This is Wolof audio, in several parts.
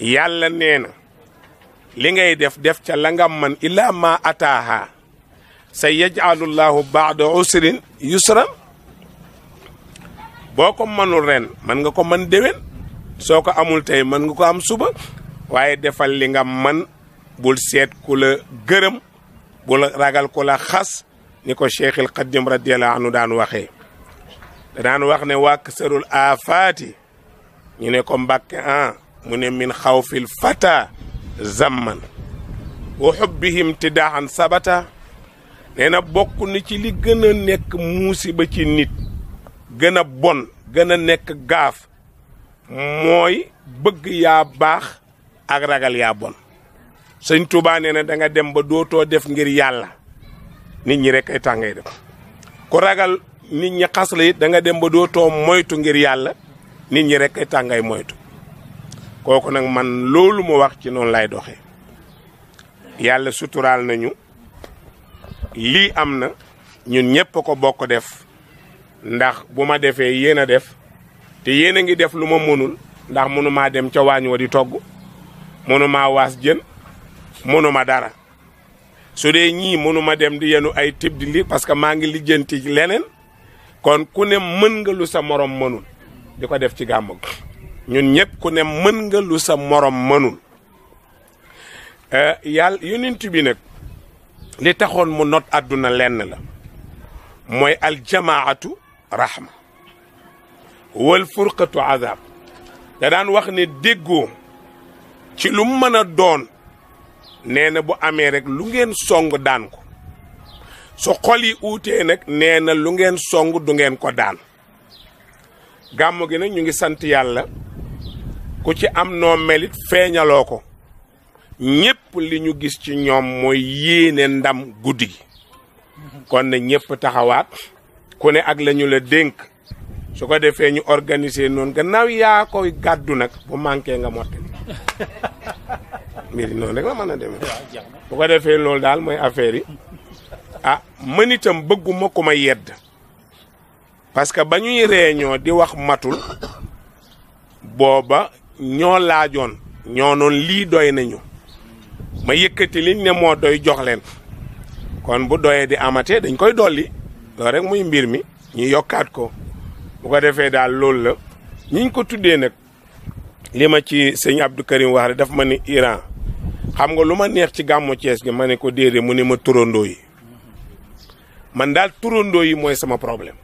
yàlla nee na li ngay def def ca la nga man illa ma ataaha sa yajalullahu baada usrin yusran boo ko mënul ren mën nga ko mën déwén soo ko amul tey mën nga ko am suba waaye defal li ngam man bul seet ku gërëm bul ragal ku la xas ni ko cheikhil qadim radiallahu anhu daan waxee daan wax ne wàkk sërul afaati ñu ne ko mbàkke ah mu ne miin xawfil fata zamman wa xubbihim tidaaxan sabata nee na bokk na ci li gën a nekk musiba ci nit gën a bon gën a nekk gaaf mooy bëgg yaa baax ak ragal yaa bon sëñ Tuubaa nee na da nga dem ba dootoo def ngir yàlla nit ñi rek ay tàngay def ku ragal nit ñi xas danga dem ba dootoo moytu ngir yàlla nit ñi rek ay tàngay moytu kooku nag man loolu mu wax ci noonu lay doxe yàlla suturaal nañu lii am na ñun ñépp a ko bokk def ndax bu ma defee yéen a def te yéen a ngi def lu ma mënul ndax mënumaa dem ca waañ wa di togg mënumaa waas jën mënuma dara su dee ñii mënuma dem di yenu ay tib di li parce que maa ngi lijjanti leneen kon ku ne mën nga lu sa morom mënul di ko def ci gàmm ñun ñëpp ku ne mën nga lu sa morom mënul eh, yàlla yonent bi nag li taxoon mu not àdduna lenn la mooy aljamaatu rahma wal furqatu azab da daan wax ni déggoo ci lu mën a doon nee na bu amee rek lu ngeen song daan ko soo xol yi uutee nag lu ngeen song du ngeen ko daan gàmmu gi nag ñu ngi sant yàlla ku ci am noo melit feeñaloo ko ñépp li ñu gis ci ñoom mooy yéene ndam guddi gi kon ne ñépp taxawaat ku ak lañu la dénk su ko defee ñu organiser noonu gannaaw yaa koy gàddu nag bu manqué nga motte mbir noonu rek la mën a demee bu ko defee loolu daal mooy affaire yi ah man bëgguma ku ma yedd parce que ba ñuy réunion di wax matul booba ñoo laajoon ñoo noon lii doy nañu ma yëkkati liñ ne moo doy jox kon bu doyee di amatee dañ koy dolli loolu rek muy mbir mi ñu yokkaat ko bu ko defee daal loolu la ñiñ ko tuddee nag lii ma ci sëñ abdu Karim wax daf ma ni Iran xam nga lu ma neex ci gàmmu Cees gi ma ne ko déedéet mu ni ma turandoo yi man daal turandoo yi mooy sama problème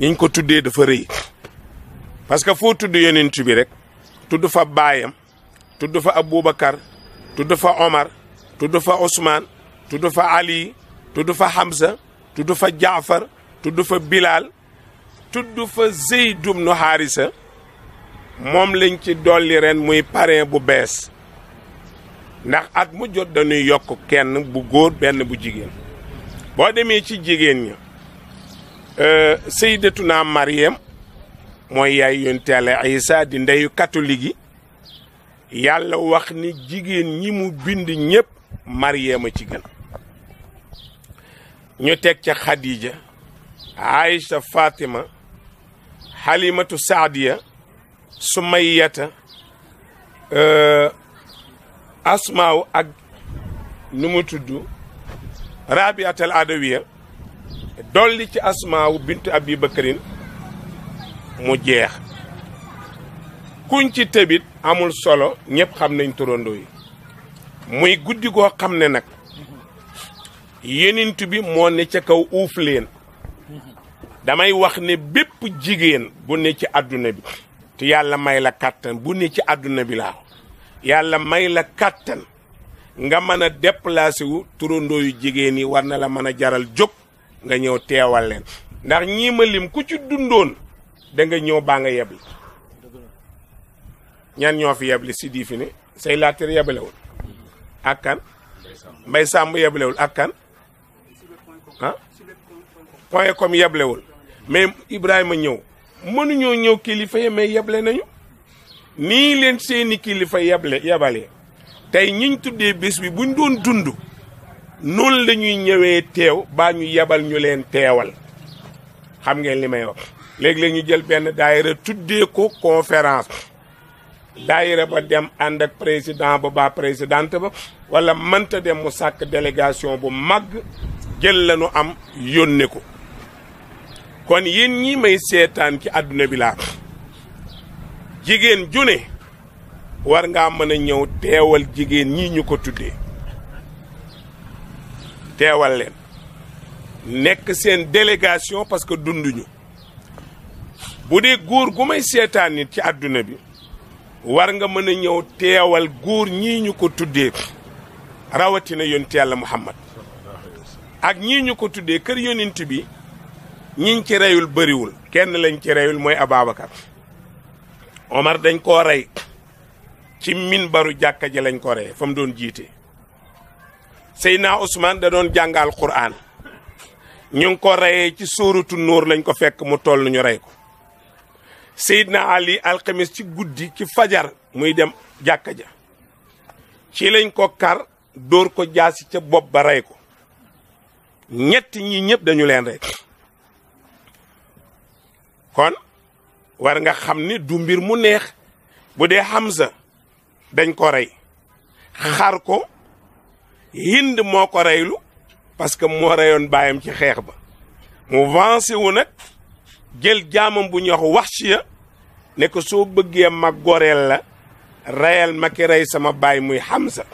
ñiñ ko tuddee dafa rëy parce que foo tudd yonent bi rek tudd fa baayam tudd fa Aboubacar tudd fa Omar tudd fa Ousmane tudd fa Ali tudd fa Hamza tudd fa Jaafar tudd fa Bilal tudd fa Zeyd ibn Haarisa moom lañ ci dolli ren muy parrain bu bees ndax at mu jot dañuy yokk kenn bu góor benn bu jigéen boo demee ci jigéen ñi ña euh, Seydatuna Mariam mooy yaay yonent Yàlla Isa di ndeyu catholique yi yàlla wax ni jigéen ñi mu bind ñépp Mariama ci gën ñu teg ca Khadija faatima Fatima Halimatu Saadiya Sumayyata euh, Asmaaw ak nu mu tudd Rabiatal Adawiya dolli ci Asmaaw bintu Abi mu jeex kuñ ci tëbit amul solo ñëpp xam nañ turandoo yi muy guddi goo xam ne nag yenintu bi moo ne ca kaw uuf leen damay wax ne bépp jigéen bu ne ci àdduna bi te yàlla may la kàttan bu ne ci àdduna bi laa yàlla may la kàttan nga mën a déplacé wu turandoo yu jigéen yi war na la mën a jaral jóg nga ñëw teewal leen ndax ñii lim ku ci dundoon da nga ñëw baa nga yeble ñan ñoo fi yeble si dii fi ne say ak kan mbay sàmm yeblewul ak kan ah point comme yeblewul mais Ibrahima ñëw mënuñoo ñëw kilifa yi mais yeble nañu nii leen seeni kilifa yeble yebalee tey ñiñ tuddee bés bi buñ doon dundu noonu la ñuy ñëwee teew baa ñu yebal ñu leen teewal xam ngeen li may wax léegi léeg ñu jël benn daayira tuddee ko conférence daayira ba dem ànd ak président ba ba présidente ba wala mënta dem mu sàkk délégation bu mag jël lañu am yónnee ko kon yéen ñi may seetaan ci àdduna bi jigéen ju ne war ngaa mën a ñëw teewal jigéen ñi ñu ko tuddee teewal leen nekk seen délégation parce que dunduñu bu dee góor gu may seetaan ci àdduna bi war nga mën a ñëw teewal góor ñiiñu ko tuddee rawatina yonent yàlla muhammad ak ñii ñu ko tuddee kër yonent bi ñiñ ci reyul bëriwul kenn lañ ci reyul mooy Ababacar Omar dañ koo rey ci min baru jàkka ji lañ ko rey fa mu doon jiite Seydina Ousmane da doon jàngal Qur'an ñu ngi ko reyee ci sóoratu Nuur lañ ko fekk mu toll ñu rey ko Seydina Ali alxames ci guddi ci fajar muy dem jàkka ja ci lañ ko kar dóor ko jaasi ca bopp ba rey ko ñett ñi ñëpp dañu leen rey kon war nga xam ni du mbir mu neex bu dee Hamza dañ ko rey xar ko Hind moo ko reylu parce que moo reyoon baayam ci xeex ba mu vancé wu nag jël jaamam bu ñuy wax Waxsiya ne ko soo bëggee ma goreel la reyal ma ki rey sama baay muy Hamza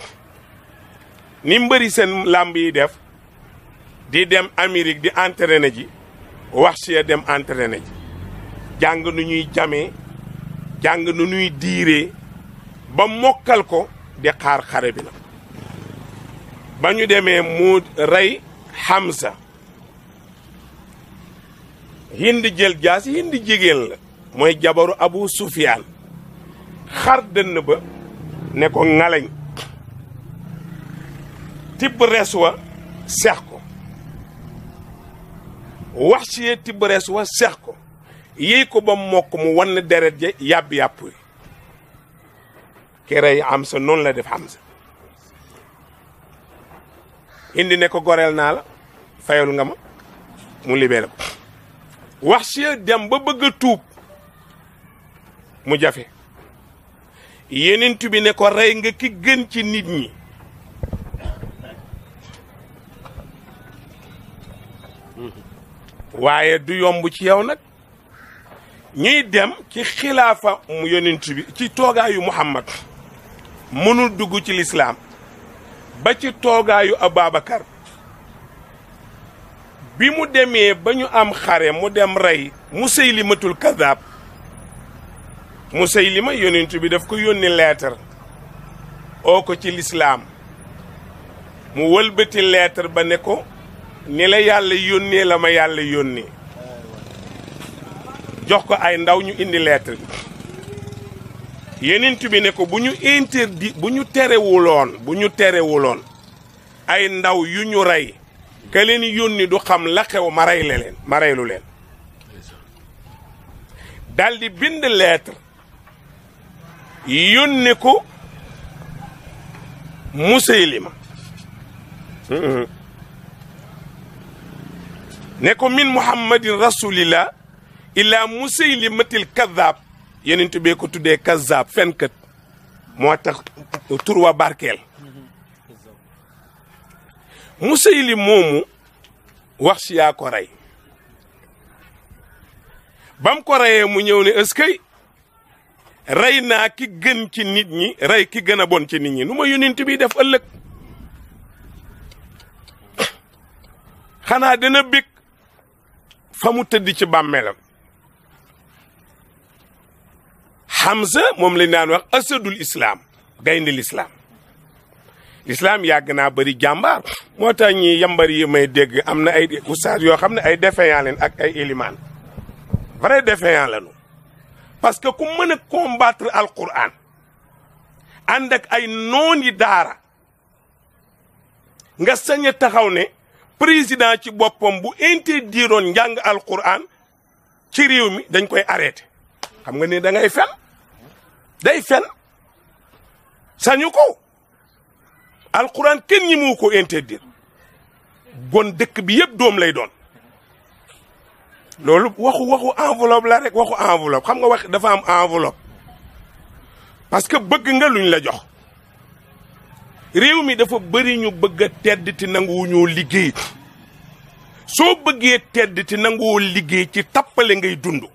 ni mbëri seen làmb yi def di dem Amérique di entraîné ji Waxsiya dem entraîné ji jàng nu ñuy jame jàng nu ñuy diiree ba mokkal ko di xaar xare bi na ba ñu demee mu rey Hamza hind jël jaas di jigéen la mooy jabaru abu sufiyaan xar dënn ba ne ko ŋalañ tibb res wa seex ko wax si tibb res wa seex ko yéy ko ba mokk mu wann deret ja yàbb yàpp yi kere am sa noonu la def am sa indi ne ko goreel naa la fayal nga ma mu libéré ko wax si dem ba bëgg a tuub mu jafe yenent bi ne ko rey nga ki gën ci nit ñi waaye du yomb ci yow nag ñuy dem ci xilaafa mu yenent bi ci toogaayu Muhammad mënul dugg ci lislaam ba ci toogaayu Ababakar bi mu demee ba ñu am xare mu dem rey Musaylimatul Kadaab Musaylima yonent bi daf ko yónni leetar oo ko ci lislaam mu wëlbati leetar ba ne ko ni la yàlla yónnee la ma yàlla yónni jox ko ay ndaw ñu indi leetar bi yonent bi ne ko bu ñu interdit bu ñu terewuloon bu ñu terewuloon ay ndaw yu ñu rey ka leen du xam la xew ma rey leen ma reylu leen daal di bind ko Musaylima mm-hmm. ne ko min muhammadin rasulillah illa musaylimatil kazaab yeneen tubee ko tuddee kazaab fenkat moo tax tur barkeel Musayli moomu wax si yaa ko rey bam ko reyee mu ñëw ne ëskay rey naa ki gën ci nit ñi rey ki gën a bon ci nit ñi nu ma yonent bi def ëllëg xanaa dina bég fa mu tëdd ci bàmmeelam Hamza moom lañ naan wax asadul islaam gaynde lislaam lislaam yàgg naa bëri jàmbaar moo tax ñi yambar yi may dégg am na ay oustaz yoo xam ne ay défaillant leen ak ay élimaan vrai défaillant lañu parce que ku mën a combattre alquran ànd ak ay noon yi daara nga sañ taxaw ne président ci boppam bu interdiroon njàng alquran ci réew mi dañ koy arrêté xam nga ne dangay ngay fen day fen sañu ko alxuraan kenn ñi moo ko interdire gon dëkk bi yëpp doom lay doon loolu waxu waxu enveloppe la rek waxu enveloppe xam nga wax dafa am enveloppe parce que bëgg nga luñ la jox réew mi dafa bëri ñu bëgg a tedd ti nanguwu ñoo liggéey soo bëggee tedd ti nanguwoo liggéey ci tappale ngay dundu